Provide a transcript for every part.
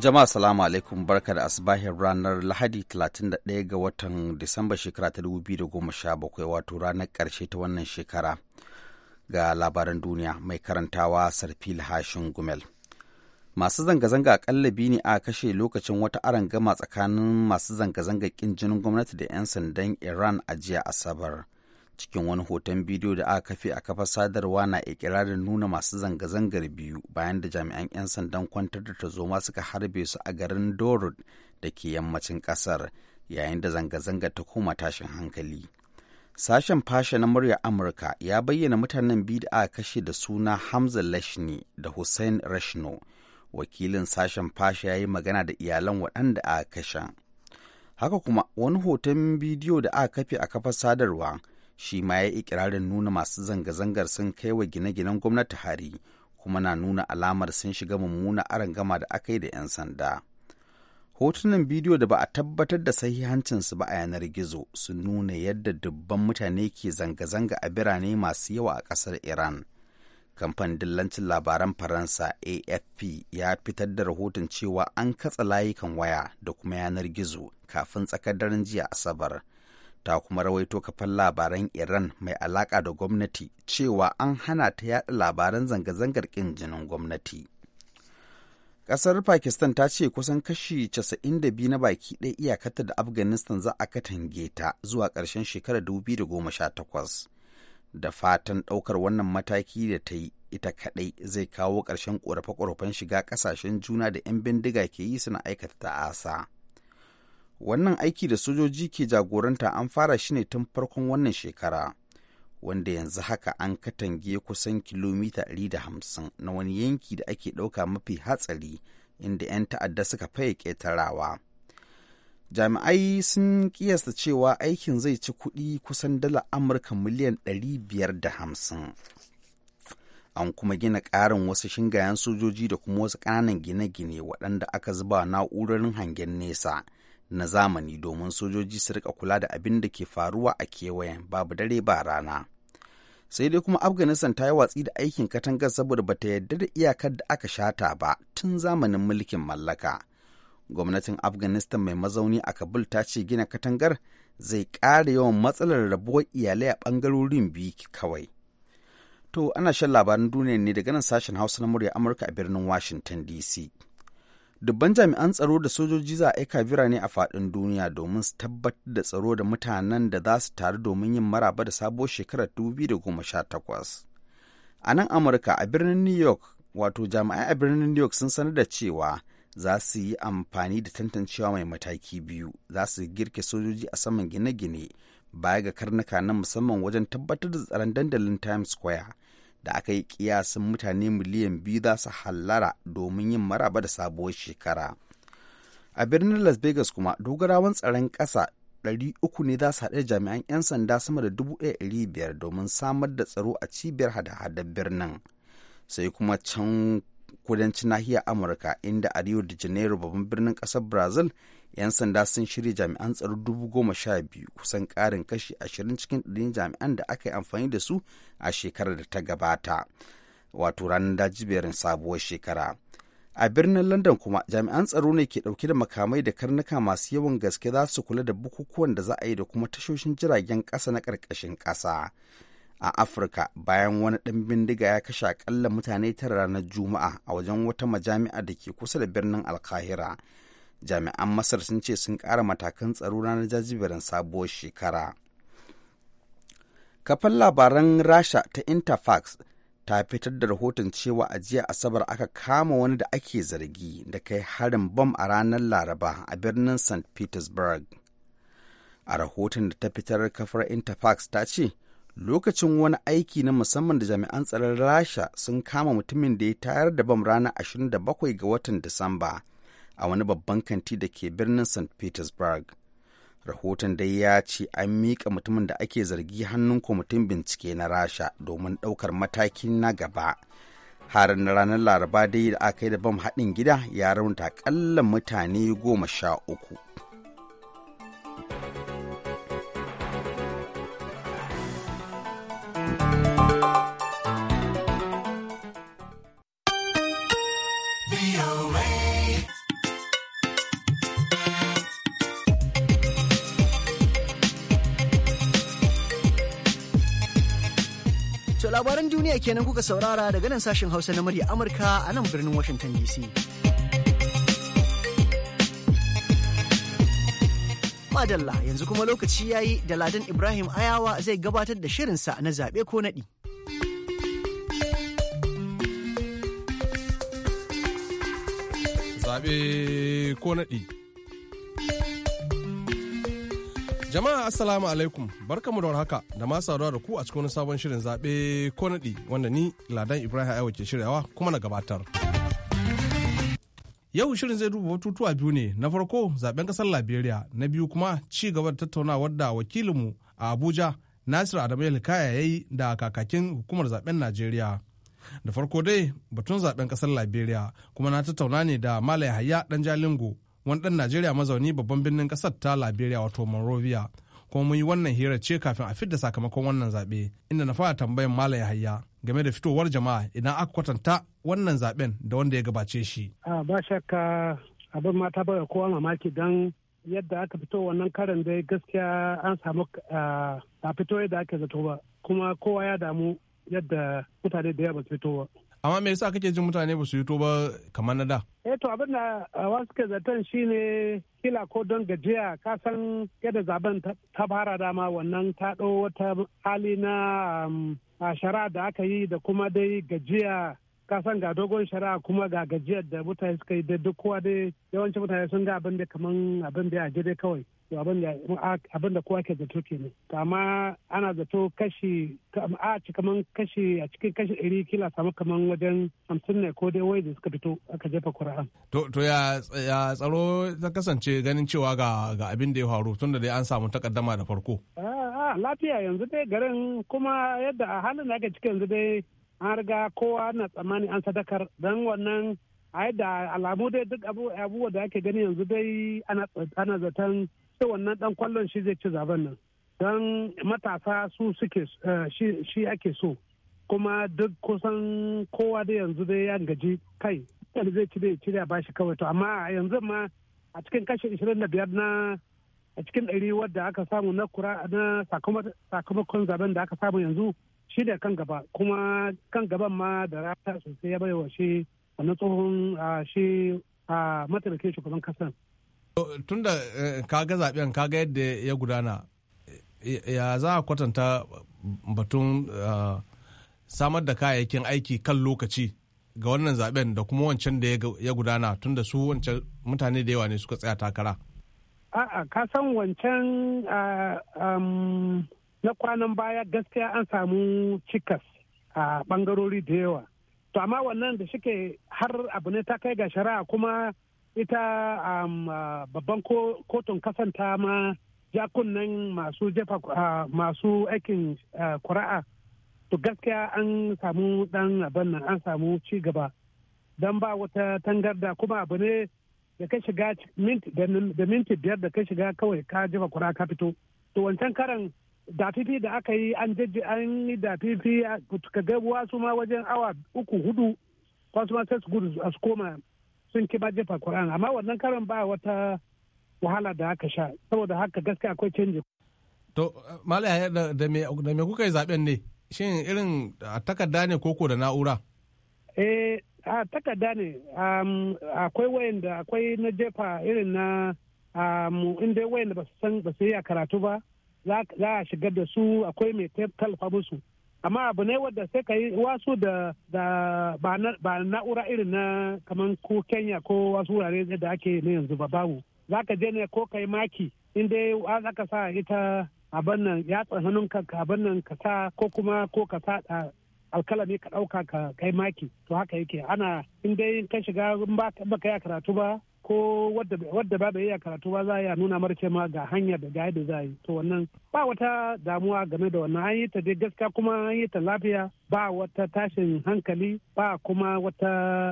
Jama'a salamu alaikum barka da asibahin ranar Lahadi 31 ga watan Disamba shekara ta 2017 wato ranar karshe ta wannan shekara ga labaran duniya mai karantawa Sarfil Hashin Gumel. Masu zanga-zanga akalla biyu ne a kashe lokacin wata gama tsakanin masu zanga-zanga ƙin jinin gwamnati da 'yan sandan Iran a jiya Asabar. cikin wani hoton bidiyo da aka kafe a kafar sadarwa na ikirarin nuna masu zanga-zangar biyu bayan da jami'an 'yan sandan kwantar da tazoma suka harbe su a garin dorod da ke yammacin kasar yayin da zanga-zanga ta koma tashin hankali sashen fasha na murya amurka ya bayyana mutanen biyu da aka kashe da suna hamza lashni da hussein rashno wakilin sashen fasha ya yi magana da iyalan waɗanda aka kashe haka kuma wani hoton bidiyo da aka kafe a kafar sadarwa shi ma ya yi ikirarin nuna masu zanga-zangar sun kai wa gine-ginen gwamnati hari kuma na nuna alamar sun shiga mummuna arangama da aka yi da 'yan sanda. hotunan bidiyo da ba a tabbatar da sahihancinsu ba a yanar gizo sun nuna yadda dubban mutane ke zanga-zanga a birane masu yawa a ƙasar iran kamfanin dillancin labaran faransa afp ya fitar da rahoton cewa an katsa layukan waya da kuma yanar gizo kafin tsakar daren jiya asabar ta kuma rawaito kafan labaran Iran mai alaƙa da gwamnati cewa an hana ta yada labaran zanga-zangar kin jinin gwamnati. kasar Pakistan ta ce kusan kashi 92 na baki ɗaya iyakata da Afghanistan za a katange ta zuwa ƙarshen shekarar 2018. Da fatan ɗaukar wannan mataki da ta yi ita kaɗai zai kawo ƙarshen ƙorafe-ƙorafen shiga ƙasashen juna da 'yan bindiga ke yi suna aikata ta'asa. wannan aiki da sojoji ke jagoranta an fara shi ne tun farkon wannan shekara wanda yanzu haka an katange kusan kilomita 150 na wani yanki da ake ɗauka mafi hatsari inda 'yan ta'adda suka faye ƙetarawa jami'ai sun kiyasta cewa aikin zai ci kuɗi kusan dala amurka miliyan 550 an kuma gina ƙarin wasu shingayen sojoji da kuma wasu ƙananan gine-gine waɗanda aka zuba na'urorin hangen nesa na zamani domin sojoji su rika kula da abin da ke faruwa a kewayen babu dare ba rana. Sai dai kuma Afghanistan ta yi watsi da aikin katangar saboda bata yarda da iyakar da aka shata ba tun zamanin mulkin mallaka. Gwamnatin Afghanistan mai mazauni a Kabul ta ce gina katangar zai ƙara yawan matsalar rabuwar iyalai a ɓangarorin biyu kawai. To, ana shan labaran duniya ne daga nan sashen Hausa na murya Amurka a birnin Washington DC. dubban jami'an tsaro da sojoji za a aika birane a faɗin duniya domin su tabbatar da tsaro da mutanen da za su taru domin yin maraba da sabuwar shekarar 2018 a nan amurka a birnin new york wato jami'ai a birnin new york sun sanar da cewa za su yi amfani da tantancewa mai mataki biyu za su girke sojoji a saman gine-gine baya ga karnuka na musamman wajen tabbatar da tsaron dandalin times square da aka yi kiyasin mutane miliyan biyu za su hallara domin yin maraba da sabuwar shekara a birnin las vegas kuma dogarawan tsaron ƙasa uku ne za su haɗe jami'an 'yan sanda sama da biyar domin samar da tsaro a cibiyar hada-hadar birnin sai kuma can kudancin nahiyar amurka inda a rio de janeiro babban birnin ƙasar brazil 'yan sanda sun shirya jami'an tsaro dubu goma sha biyu kusan karin kashi ashirin cikin ɗarin jami'an da aka yi amfani da su a shekarar da ta gabata wato ranar dajiberin sabuwar shekara a birnin london kuma jami'an tsaro ne ke ɗauke da makamai da karnuka masu yawan gaske za su kula da bukukuwan da za a yi da kuma tashoshin jiragen ƙasa na ƙarƙashin ƙasa a afirka bayan wani ɗan bindiga ya kashe akalla mutane tara ranar juma'a a wajen wata majami'a da ke kusa da birnin alkahira jami'an masar sun ce sun ƙara matakan tsaro ranar jajiberin sabuwar shekara kafin labaran rasha ta interfax ta fitar da rahoton cewa a jiya asabar aka kama wani da ake zargi da kai harin bom a ranar laraba a birnin st petersburg a rahoton da ta fitar kafar interfax ta ce lokacin wani aiki na musamman da jami'an tsaron rasha sun kama mutumin da ya tayar da bam ranar 27 ga watan disamba a wani babban kanti da ke birnin st petersburg rahoton dai ya ce an miƙa mutumin da ake zargi hannun kwamitin bincike na rasha domin ɗaukar mataki na gaba harin na ranar laraba dai da aka yi da bam haɗin gida ya raunta akalla mutane goma sha uku duniya kenan kuka saurara daga nan sashen Hausa na murya Amurka a nan birnin Washington DC. Madalla yanzu kuma lokaci yayi da Ladan Ibrahim Ayawa zai gabatar da shirinsa na zaɓe ko naɗi. Zaɓe ko naɗi. Jama'a Assalamu alaikum barkamu da warhaka da ma saduwa da ku a cikin wani sabon shirin zaɓe ko naɗi wanda ni Ladan Ibrahim Aiwa ke shiryawa kuma na gabatar. Yau shirin zai duba batutuwa biyu ne na farko zaɓen ƙasar Liberia na biyu kuma ci gaba da tattaunawar da wakilinmu a Abuja Nasir Adamu Yalikaya ya yi da kakakin hukumar zaɓen Najeriya. Da farko dai batun zaɓen ƙasar Liberia kuma na tattauna ne da Malam Yahaya Ɗan Jalingo wani ɗan Najeriya mazauni babban birnin ƙasar ta Liberia wato Monrovia. Kuma mun yi wannan hira ce kafin a fidda sakamakon wannan zaɓe inda na fara tambayan Malam Yahaya game da fitowar jama'a idan aka kwatanta wannan zaɓen da wanda ya gabace shi. A ba shakka abin ma ta bada kowa mamaki don yadda aka fito wannan karin dai gaskiya an samu a fito yadda ake zato ba kuma kowa ya damu yadda mutane da yawa ba fito ba. amma me yasa kake jin mutane ba su yi to ba kamar na da eh to abin da eh, wasu ke zaton shine kila ko don gajiya ka san yadda zaben ta fara dama wannan ta wata hali na um, shara da aka yi da kuma dai gajiya ka san ga dogon shari'a kuma ga gajiyar da mutane suka yi da duk kowa dai yawancin mutane sun ga abin da kaman abin da ya dai kawai abin da kowa ke zato kenan amma ana zato kashi a ci kaman kashi a cikin kashi ɗari kila samu kaman wajen hamsin ne ko dai wai da suka fito aka jefa kura'an. to to ya tsaro ta kasance ganin cewa ga ga abin da ya faru tunda dai an samu takaddama da farko. a lafiya yanzu dai garin kuma yadda a halin da ake ciki yanzu dai an riga kowa na tsammani an sadakar don wannan a yadda alamu dai duk abubuwa da ake gani yanzu dai ana zaton wannan dan kwallon shi zai ci zaben nan don matasa su suke eh, shi ake so kuma duk kusan kowa da yanzu dai ya gaji kai kan zai ci dai a da bashi kawai to amma yanzu ma a cikin kashi 25 na a cikin ɗari wadda aka samu na kura na sakamakon zaben da aka samu yanzu shi da kan gaba kuma kan gaban ma da rata sosai ya wa shi wannan tsohon ah, shi a ah, mataimakin shugaban kasar tun da eh, kaga zaben kaga yadda ya gudana ya za a kwatanta batun ah, samar da kayayyakin aiki kan lokaci ga wannan zaben da kuma wancan da ya gudana tun su wancan mutane da yawa ne suka tsaya takara a'a ka san wancan ah, um, na kwanan baya gaskiya an samu cikas a bangarori da yawa to amma wannan da shike har abu ne ta kai ga shari'a kuma ita um, uh, babban kotun kasan ta ma jakunan masu jefa uh, masu aikin uh, kuri'a to gaskiya an samu dan abin nan an samu ci gaba don ba wata tangarda kuma abu ne da ka shiga da minti biyar da ka shiga kawai ka jefa kura ka fito to wancan karan dafifi da aka yi an jajji an yi dafifi ka ga wasu ma wajen awa uku hudu wasu ma sai su gudu su koma sun ki jefa Qur'an amma wannan karan ba wata wahala da aka sha saboda haka gaskiya akwai canji. To malaya da me kuka yi zaben ne shin irin takarda ne koko da na'ura? Eh a takarda ne akwai wayanda akwai na jefa irin na inda wayan da ba su yi karatu ba za a shigar da su akwai mai tallafa musu amma abu ne wadda sai ka yi wasu da ba na'ura irin na kamar ko kenya ko wasu wurare da ake na yanzu ba babu za ka je ne ko ka yi maki inda za ka sa ita abin nan ya tsananin ka abin nan ka sa ko kuma ko ka sa alkalami ka ɗauka ka kai maki to haka yake ana in dai ka shiga ba ka yi karatu ba ko wadda ba da a karatu ba za a nuna mara ma ga hanya da ga yadda za a yi to wannan ba wata damuwa game da wannan an yi ta dai gaskiya kuma an yi ta lafiya ba wata tashin hankali ba kuma wata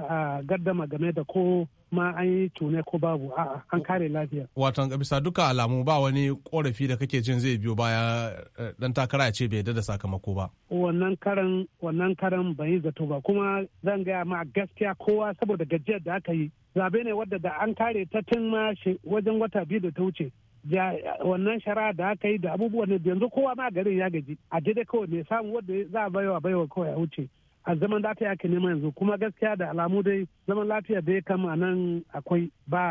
ah, gardama game da ko ma an yi tune ko babu a'a an kare lafiya. Watan bisa duka alamu ba wani korafi da kake jin zai biyo baya dan eh, takara ya ce bai da da sakamako ba. Wannan karan wannan zato ba kuma zan gaya ma gaskiya kowa saboda gajiyar da aka yi zabe ne wadda da an kare ta tun ma wajen wata biyu da ta wuce. wannan shara da aka yi da abubuwan yanzu kowa ma garin ya gaji a daidai kawai ne samu wadda za a baiwa baiwa kawai a wuce a zaman lafiya ke nema yanzu kuma gaskiya da alamu dai zaman lafiya da ya kama nan akwai ba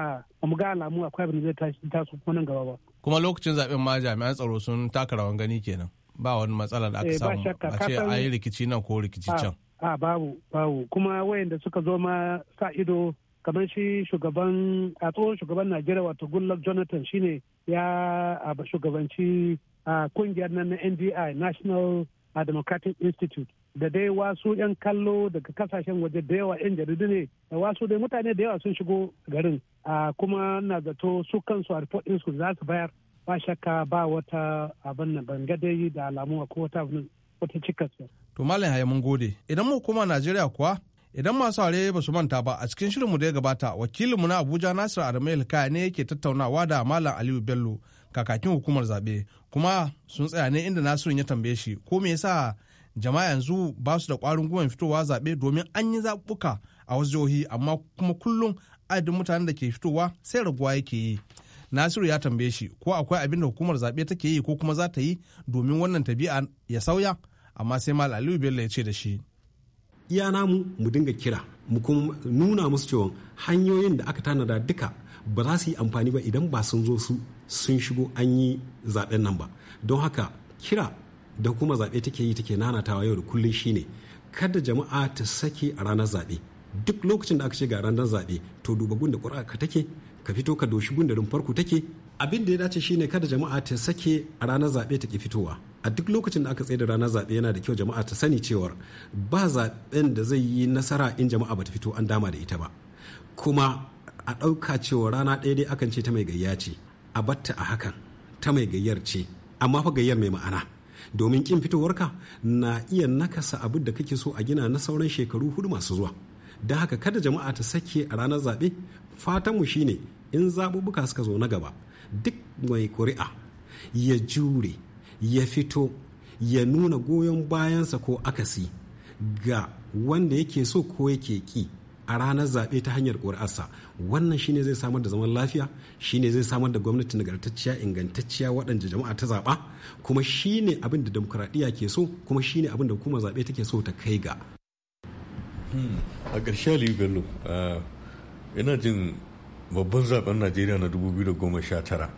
mu ga alamu akwai abin da zai taso kuma nan gaba ba kuma lokacin zaben ma jami'an tsaro sun taka rawan gani kenan ba wani matsala da aka eh, samu a ce a yi rikici nan ko rikici can a babu babu kuma wayanda suka zo ma sa ido kamar shi shugaban a tsohon shugaban najeriya wato goodluck jonathan shine ya shugabanci a kungiyar nan na ndi national democratic institute da dai wasu 'yan kallo daga kasashen waje da yawa 'yan jaridu ne da wasu dai mutane da yawa sun shigo garin a kuma na zato su kansu a su za su bayar ba shakka ba wata abin nan ban dai da alamu ko wata wata cikas to malam haya mun gode idan mu koma najeriya kuwa idan masu are ba su manta ba a cikin shirin mu da ya gabata wakilin mu na abuja nasir adamu kaya ne yake tattaunawa da malam aliyu bello kakakin hukumar zabe kuma sun tsaya ne inda nasiru ya tambaye shi ko me yasa jama'a yanzu ba su da ƙwarin gwiwan fitowa zaɓe domin an yi zaɓuɓɓuka a wasu jihohi amma kuma kullum adadin mutanen da ke fitowa sai raguwa yake yi nasiru ya tambaye shi ko akwai abin da hukumar zaɓe take yi ko kuma za ta yi domin wannan tabi'a ya sauya amma sai mal aliyu bello ya ce da shi iya namu mu dinga kira mu kuma nuna musu cewa hanyoyin da aka tanada duka ba za su yi amfani ba idan ba sun zo su sun shigo an yi zaɓen nan ba don haka kira da kuma zaɓe take yi take nanatawa yau da kullum shine kada jama'a ta sake a ranar zaɓe duk lokacin da aka ce ga ranar zaɓe to duba gunda ƙuri'a ka take ka fito ka doshi gundarin farko take abin da ya dace shine kada jama'a ta sake a ranar zaɓe ta ki fitowa a duk lokacin da aka tsaye da ranar zaɓe yana da kyau jama'a ta sani cewar ba zaɓen da zai yi nasara in jama'a bata fito an dama da ita ba kuma a ɗauka cewa rana ɗaya dai akan ce ta mai gayya ce a batta a hakan ta mai gayyar ce amma fa gayyar mai ma'ana domin kin fitowarka na iya nakasa abin da kake so a gina na sauran shekaru hudu masu zuwa da haka kada jama'a ta sake a ranar zaɓe fatanmu shine in zaɓuɓɓuka suka zo na gaba duk mai ƙuri'a ya jure ya fito ya nuna goyon bayansa ko akasi ga wanda yake so ko yake ki a ranar zaɓe ta hanyar ƙuri'arsa wannan shine zai samar da zaman lafiya shine zai samar da gwamnati nagartacciya ingantacciya waɗanda jama'a ta zaɓa kuma shine abin da demokuraɗiyya ke so kuma shine abin da hukumar zaɓe take so ta kai ga hmm, a ƙarshe aliyu bello ina jin babban zaben najeriya na 2019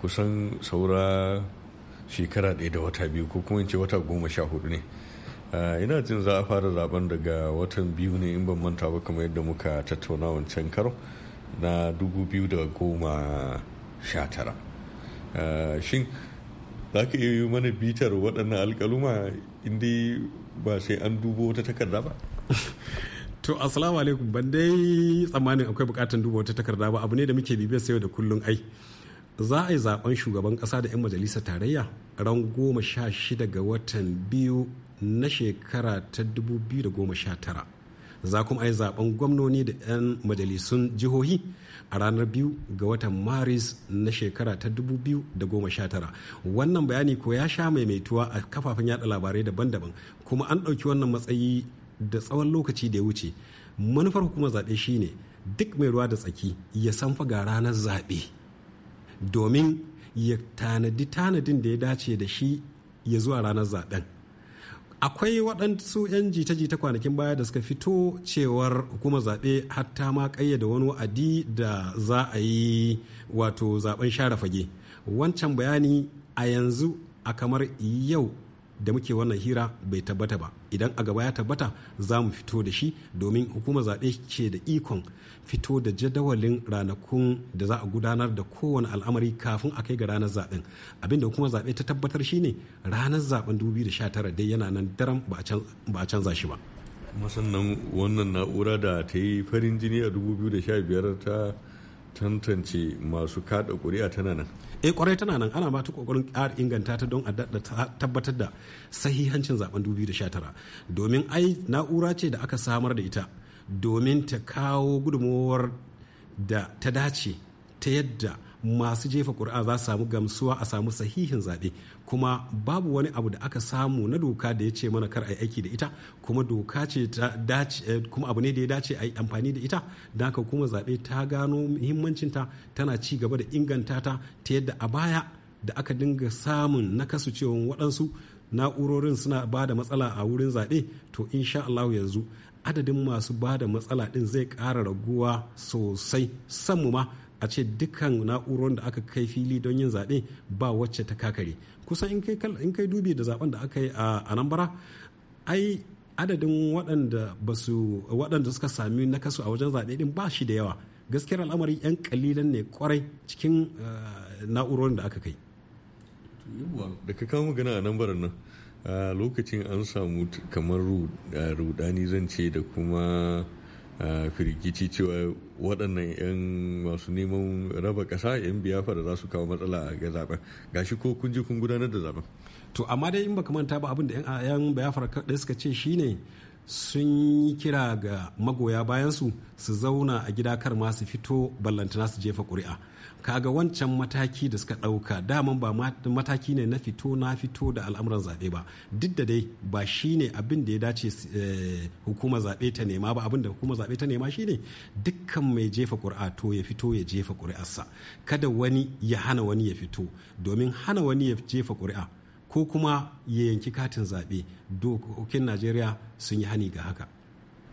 kusan saura shekara ɗaya da wata biyu ko kuma in ce wata goma sha hudu ne ina jin za a fara zaben daga watan biyu ne in ban manta ba kamar yadda muka tattauna wancan karo na tara. shin za ka iya yi mana bitar waɗannan alkaluma inda ba sai an dubo wata takarda ba to assalamu alaikum ban dai tsammanin akwai buƙatar duba wata takarda ba abu ne da muke bibiyar sai da kullum ai za a yi zaben shugaban kasa da 'yan majalisar tarayya ran goma sha shida ga watan biyu na shekara ta 2019 za kuma a yi zaben gwamnoni da 'yan majalisun jihohi a ranar biyu ga watan maris na shekara ta 2019 wannan bayani ko ya sha maimaituwa a kafafen yada labarai daban-daban kuma an ɗauki wannan matsayi da tsawon lokaci da ya wuce manufar hukumar zaɓe shine duk mai ruwa da tsaki ya san ga ranar zaɓe domin ya tanadi tanadin da ya dace da shi ya zuwa ranar zaɓen akwai waɗansu 'yan jita-jita kwanakin baya da suka fito cewar hukumar zaɓe hatta ma ƙayyada wani wa'adi da za a yi wato zaɓen share fage wancan bayani a yanzu a kamar yau da muke wannan hira bai tabbata ba idan a gaba ya tabbata za mu fito da shi domin hukumar zaɓe ce da ikon fito da jadawalin ranakun da za a gudanar da kowane al'amari kafin a kai ga ranar zaɓen abinda hukumar zaɓe ta tabbatar shine ranar zaɓen 2019 dai yana nan daram ba a canza shi ba masannan wannan na'ura da ta yi farin jini a 2015 ta tantance masu kada ƙuri'a tana nan eh kwarai tana nan ana ta kokarin ƙara inganta ta don a tabbatar da sahihancin zaben 2019 domin ai na'ura ce da aka samar da ita domin ta kawo gudunmuwar da ta dace ta yadda masu jefa ƙuri'a za su samu gamsuwa a samu sahihin zaɓe kuma babu wani abu da aka samu na doka da ya ce mana kar a yi aiki da ita kuma doka ce ta dace eh, kuma abu ne da ya dace a yi amfani da ita da haka kuma zaɓe ta gano muhimmancinta tana ci gaba da inganta ta ta yadda a baya da aka dinga samun na cewa waɗansu na'urorin suna ba da matsala a wurin zaɓe to insha Allah yanzu adadin masu ba da matsala ɗin zai ƙara raguwa sosai sanmu ma a ce dukkan na'urorin da aka kai fili don yin zaɓe ba wacce ta kakare kusan in kai dubi da zaben da aka yi a bara ai adadin waɗanda suka sami nakasu a wajen zaɓe din ba shi da yawa gaskiyar al'amari 'yan kalilan ne kwarai cikin eh, na'urorin da aka kai da ka kawo magana a nan nan lokacin an samu kamar rudani zan ce da kuma firgici cewa waɗannan 'yan masu neman raba ƙasa 'yan biyafa da za su kawo matsala ga zaben gashi ko kun je kun gudanar da zaben to amma dai in baka manta ba abin da 'yan biyafa ɗaya suka ce shine sun yi kira ga magoya bayansu su zauna a gida kar ma su fito ballantana su jefa ƙuri'a kaga wancan mataki da suka ɗauka daman ba mataki ne na fito na fito da al'amuran zaɓe ba duk da dai ba shi ne abin da ya dace eh, hukumar zaɓe ta nema ba abin da hukumar zaɓe ta nema shi ne dukkan mai jefa ƙuri'a to ya fito ya jefa ƙuri'arsa kada wani ya hana wani ya fito domin hana wani ya jefa ƙuri'a ko kuma ya yanki katin zaɓe dokokin najeriya sun yi hani ga haka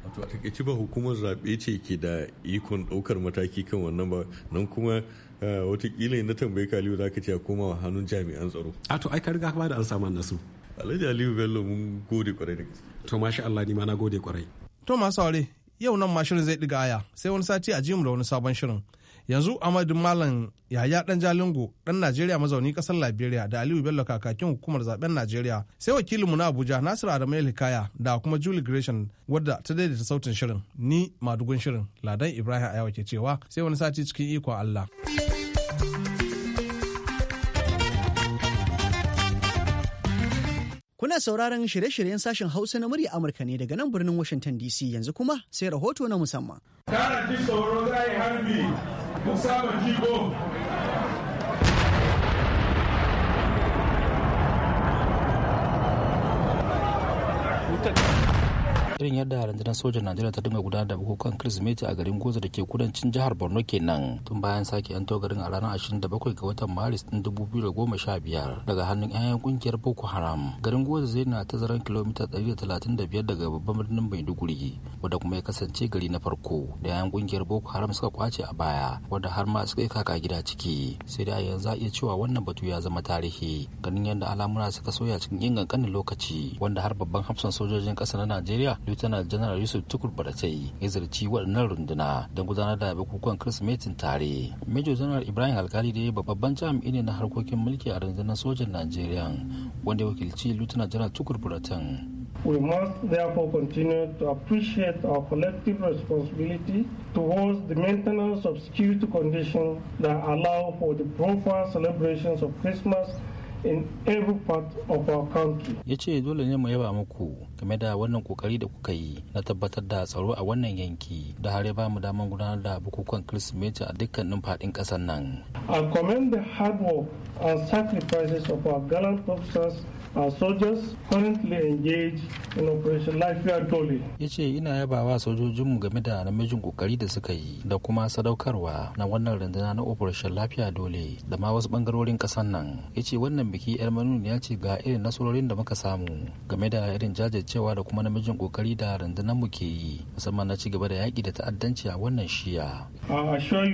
wato a takaice ba hukumar zaɓe ce ke da ikon ɗaukar mataki kan wannan ba nan kuma eh, watakila na tambayi kaliyu za ka ce koma hannun jami'an tsaro a ai ka riga ba da an samu nasu alhaji aliyu bello mun gode kwarai da gaske to masha allah ni ma na gode kwarai to masu aure yau nan ma shirin zai ɗiga aya sai wani sati a jimu da wani sabon shirin yanzu amadu malam yaya dan jalingo dan najeriya mazauni kasar liberia da aliyu bello kakakin hukumar zaben najeriya sai wakilin mu na abuja nasir adamu hikaya da kuma julie gresham wadda ta daidaita sautin shirin ni madugun shirin ladan ibrahim ayawa ke cewa sai wani sati cikin ikon allah Kuna sauraron shirye-shiryen sashen Hausa na murya Amurka ne daga nan birnin Washington DC yanzu kuma sai rahoto na musamman. o salve, digo irin yadda rundunar sojan najeriya ta dinga gudanar da bukukuwan kirsimeti a garin goza da ke kudancin jihar borno kenan tun bayan sake yanto garin a ranar bakwai ga watan maris da goma sha biyar. daga hannun 'ya'yan kungiyar boko haram garin goza zai na tazaran kilomita da da talatin biyar daga babban birnin maiduguri wadda kuma ya kasance gari na farko da 'ya'yan kungiyar boko haram suka kwace a baya wadda har ma suka yi kaka gida ciki sai da yanzu za a iya cewa wannan batu ya zama tarihi ganin yadda al'amura suka soya cikin ingan lokaci wanda har babban hafsan sojojin ƙasa na najeriya lieutenant general yusuf tukur baratai ya zarci waɗannan runduna don gudanar da bukukuwan kirsimetin tare major general ibrahim alkali da ya babban jami'i ne na harkokin mulki a rundunar sojan najeriya wanda ya wakilci lieutenant general tukur buratan We must therefore continue to appreciate our collective responsibility towards the maintenance of security conditions that allow for the proper celebrations of Christmas in every part of our country. Ya ce dole ne mu yaba muku game da wannan kokari da kuka yi na tabbatar da tsaro a wannan yanki da har ya ba mu damar gudanar da bukukuwan Kirsimeti a dukkanin faɗin ƙasar nan. I commend the hard work and sacrifices of our gallant officers Our soldiers currently engaged in Operation Lafiyar Dole. Ya ce ina yaba wa sojojinmu game da namijin kokari da suka yi da kuma sadaukarwa na wannan rundunar na Operation Lafiya Dole da ma wasu bangarorin kasan nan. Ya ce wannan biki yar ya ce ga irin nasarorin da muka samu game da irin jajircewa da kuma namijin kokari da rundunar mu ke yi musamman na cigaba da yaki da ta'addanci a wannan shiya. I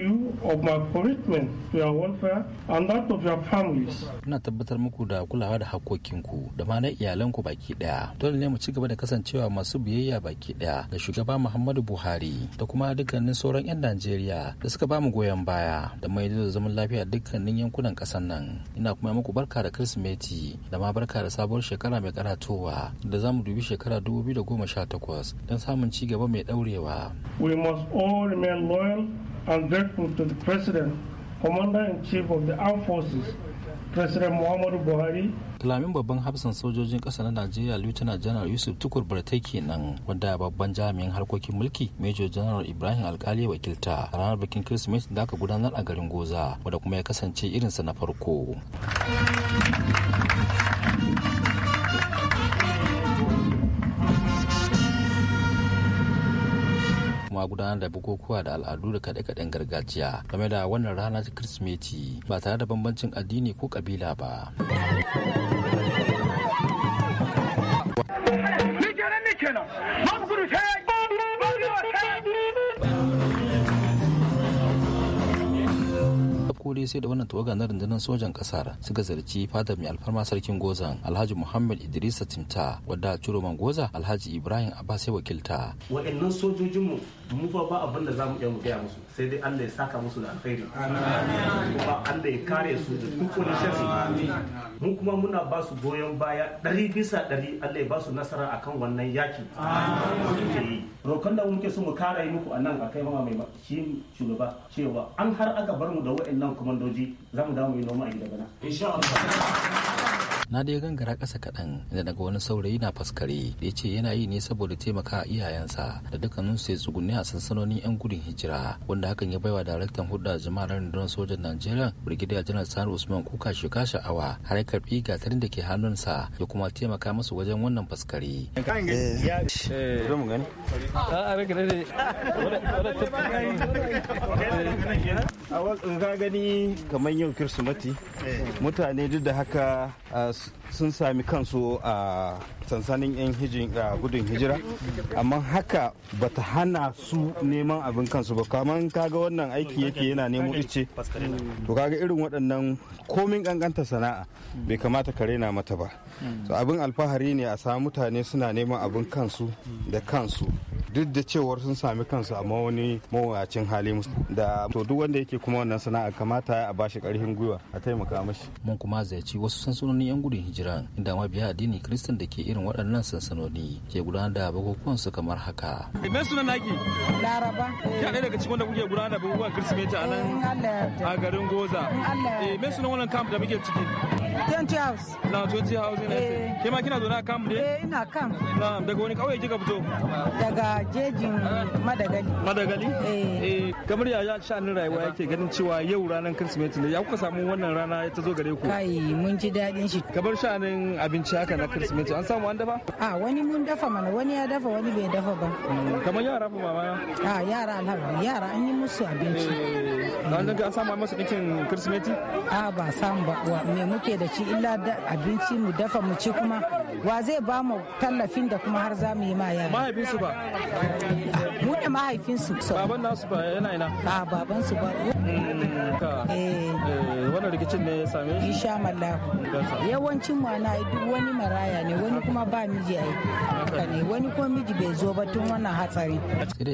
Ina tabbatar muku da kulawa da haƙƙoƙinku ku da ma na iyalanku baki daya dole ne mu ci gaba da kasancewa masu biyayya baki daya ga shugaba muhammadu buhari da kuma dukkanin sauran 'yan najeriya da suka bamu goyon baya da mai da zaman lafiya dukkanin yankunan kasar nan ina kuma muku barka da kirsimeti da ma barka da sabuwar shekara mai karatowa da zamu dubi shekara 2018 don samun ci gaba mai daurewa we must all remain loyal and grateful to the president commander in chief of the armed forces president muhammadu buhari kalamin babban hafsan sojojin ƙasa na najeriya lieutenant general yusuf tukur bartai kenan wanda babban jami'in harkokin mulki major general ibrahim alkali wakilta a ranar bikin kirsimeti da aka gudanar a garin goza wadda kuma ya kasance irinsa na farko kuma gudanar da bukukuwa da al'adu da kaɗe-kaɗen gargajiya game da wannan rana ta kirsimeti ba tare da bambancin addini ko kabila ba. kenan. farko sai da wannan tawaga na rundunar sojan kasar suka zarci fada mai alfarma sarkin gozan alhaji muhammad idrisa timta wadda ciroman goza alhaji ibrahim abbas ya wakilta waɗannan sojojinmu mu fa ba abin da za mu iya mu gaya musu sai dai Allah ya saka musu da alkhairi kuma Allah ya kare su da duk wani sharri mu kuma muna ba su goyon baya ɗari bisa ɗari Allah ya ba su nasara akan wannan yaki rokon da muke so mu kara yi muku anan akai mama mai shi shugaba cewa an har aka bar mu da wa'annan komandoji za mu dawo mu yi noma a gida bana insha Allah na dai gangara ƙasa kaɗan inda daga wani saurayi na faskare da ya ce yana yi ne saboda taimaka iyayensa da dukkanin su ya tsugunni a sansanonin 'yan gudun hijira wanda hakan ya baiwa daraktan hulɗa jama'ar rundunar sojan najeriya brigadier janar sani usman kuka shuka sha'awa har karɓi gatarin da ke hannunsa ya kuma taimaka masu wajen wannan faskare. Eh. Eh. a gani kamar yau kirsimati eh. mutane duk da haka ah, sun sami kansu a sansanin 'yan gudun hijira amma haka bata hana su neman abin kansu ba kamar kaga wannan aiki yake yana nemo ice to kaga irin waɗannan komin ƙanƙanta sana'a bai kamata ka raina mata ba abin alfahari ne a samu mutane suna neman abin kansu da kansu duk da cewar sun sami kansu a mawani mawuyacin hali da to duk wanda yake kuma wannan sana'a kamata a bashi karfin gwiwa a taimaka mashi mun kuma ziyarci wasu sansanoni yan gudun hijira inda ma biya addini kristan da ke irin waɗannan sansanoni ke gudanar da bukukuwan su kamar haka idan suna naki laraba ya ɗaya daga cikin wanda kuke gudanar da bukukuwan kirsimeti a nan eh, a garin goza eh me sunan wannan camp da muke ciki 20 house na 20 house ne kina zo na kam ne eh ina kam na daga wani kauye kika fito daga jejin madagali madagali eh. eh kamar yaya sha'anin rayuwa yake ganin cewa yau ranar kirsimeti ne ya kuka samu wannan rana ta zo gare ku kai mun ji dadin shi kamar abinci haka na kirsimeti an samu an dafa a ah, wani mun dafa mana wani ya dafa wani bai dafa ba mm, kamar yara fa mama a ah, yara alhamdulillah yara an yi musu abinci eh. an daga an samu dinkin kirsimeti a ah, ba samu ba me muke da shi illa da abinci mu dafa mu ci kuma wa zai ba mu tallafin da kuma har za mu yi ma yara mahaifinsu ba mu da mahaifinsu. Baban nasu ba yana ina? A baban su ba. Eh. Eh, wannan rikicin ne ya same shi? Isha mallahu. Yawancin duk wani maraya ne wani kuma ba miji ai. Haka ne wani kuma miji bai zo ba tun wannan hatsari.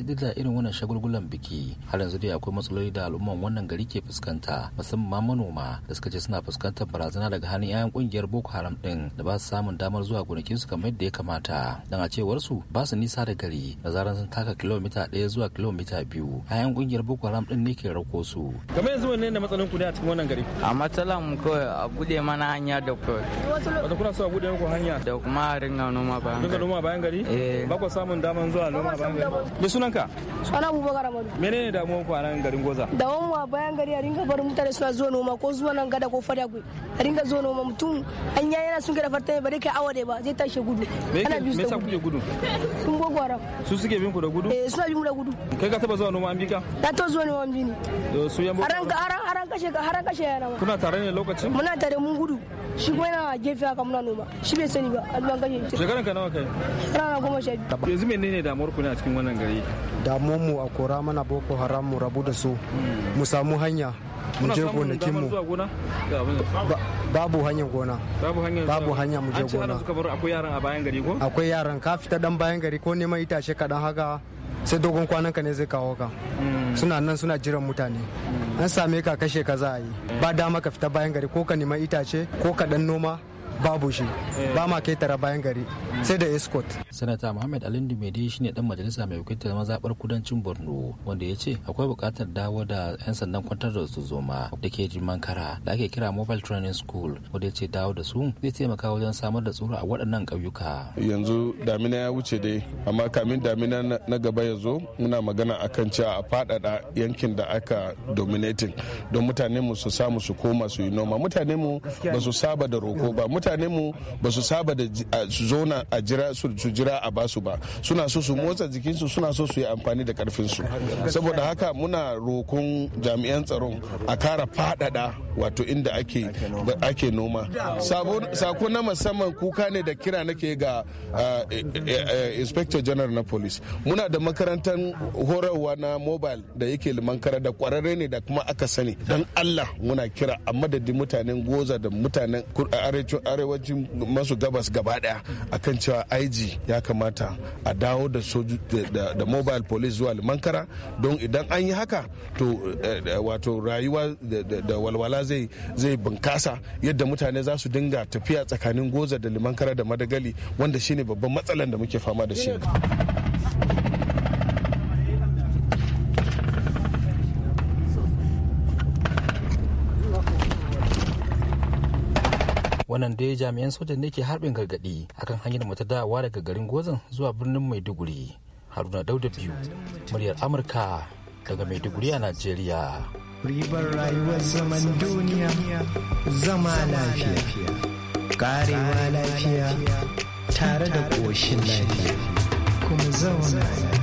Duk da irin wannan shagulgulan biki har yanzu dai akwai matsaloli da al'umman wannan gari ke fuskanta musamman manoma da suka ce suna fuskantar barazana daga hannun 'ya'yan kungiyar Boko Haram din da ba su samun damar zuwa gonakinsu kamar yadda ya kamata. Dan a cewar su ba su nisa da gari da zaran sun taka kilomita kilomita ɗaya zuwa kilomita biyu a yan kungiyar boko haram din ne ke rako su kamar yanzu wanne ne matsalolin ku da a cikin wannan gari a matsalan mu kawai a bude mana hanya da kawai wata kuna so a bude muku hanya da kuma a ringa noma bayan gari. ringa noma bayan gari eh. ba ku samun daman zuwa noma bayan gari me sunanka sunan abubakar amadu menene damuwar ku a nan garin goza damuwa bayan gari a ringa barin mutane suna zuwa noma ko zuwa nan gada ko fadagwe a ringa zuwa noma mutum hanya yana sun gada fartanya ba dai kai awa da ba zai tashi gudu ana biyu kuke gudu sun gwagwara su suke bin ku da gudu eh suna dari mu gudu kai ka taba zuwa noma an bika ta to zuwa noma an bi ni su yan aran aran aran kashe ka aran kashe yana ma kuna tare ne lokacin muna tare mun gudu shi ko yana gefe haka muna noma shi bai sani ba alban kashe shekaran ka nawa kai rana goma sha biyu yanzu ne damuwar ku ne a cikin wannan gari damuwar mu a kora mana boko haram mu rabu da su mu samu hanya mu je gonakin mu babu hanyar gona babu hanya mu je gona akwai yaran a bayan gari ko akwai yaran ka fita dan bayan gari ko neman itace kadan haka sai dogon kwanan ka ne zai kawo ka mm. suna nan suna jiran mutane mm. an same ka kashe ka za a yi ba dama ka fita bayan gari ko ka neman itace ko ka dan noma babu shi eh. ba ma kai tara bayan gari sai da escort sanata muhammad alin shi ne dan majalisa mai wakiltar mazabar kudancin borno wanda ya ce akwai bukatar dawo da yan sandan kwantar da su zoma da ke jiman kara da ake kira mobile training school wanda ya ce dawo da su zai taimaka wajen samar da tsoro a waɗannan ƙauyuka yanzu damina ya wuce dai amma kamin damina na gaba ya zo muna magana akan cewa a faɗaɗa yankin da aka dominating don mutane mu su samu su koma su yi noma mutane mu ba su saba da roko ba mutane mu ba su saba da su zauna a jira su jira a basu ba suna so su motsa jikinsu suna so su yi amfani da karfinsu saboda haka muna rokon jami'an tsaron a kara fadada wato inda ake ake noma sako na musamman kuka ne da kira nake ga e, e, e, inspector general na police muna da makarantar horarwa na mobile da yake limankara da kwararre ne da kuma aka sani dan allah muna kira a madadin mutanen goza da mutanen arewacin masu gabas gaba daya akan cewa IG ya kamata a dawo da da mobile police zuwa limankara don idan an yi haka to eh, eh, wato rayuwa da walwala zai zai bunkasa yadda mutane za su dinga tafiya tsakanin goza da limankara da madagali wanda shine babban matsalan da muke fama da shi wannan dai jami'an sojan ne ke harbin gargadi akan hanyar mata dawa daga garin gozan zuwa birnin maiduguri haruna dauda biyu muryar amurka daga maiduguri a najeriya ribar rayuwar zaman duniya zama lafiya karewa lafiya tare da ƙoshin lafiya kuma zauna lafiya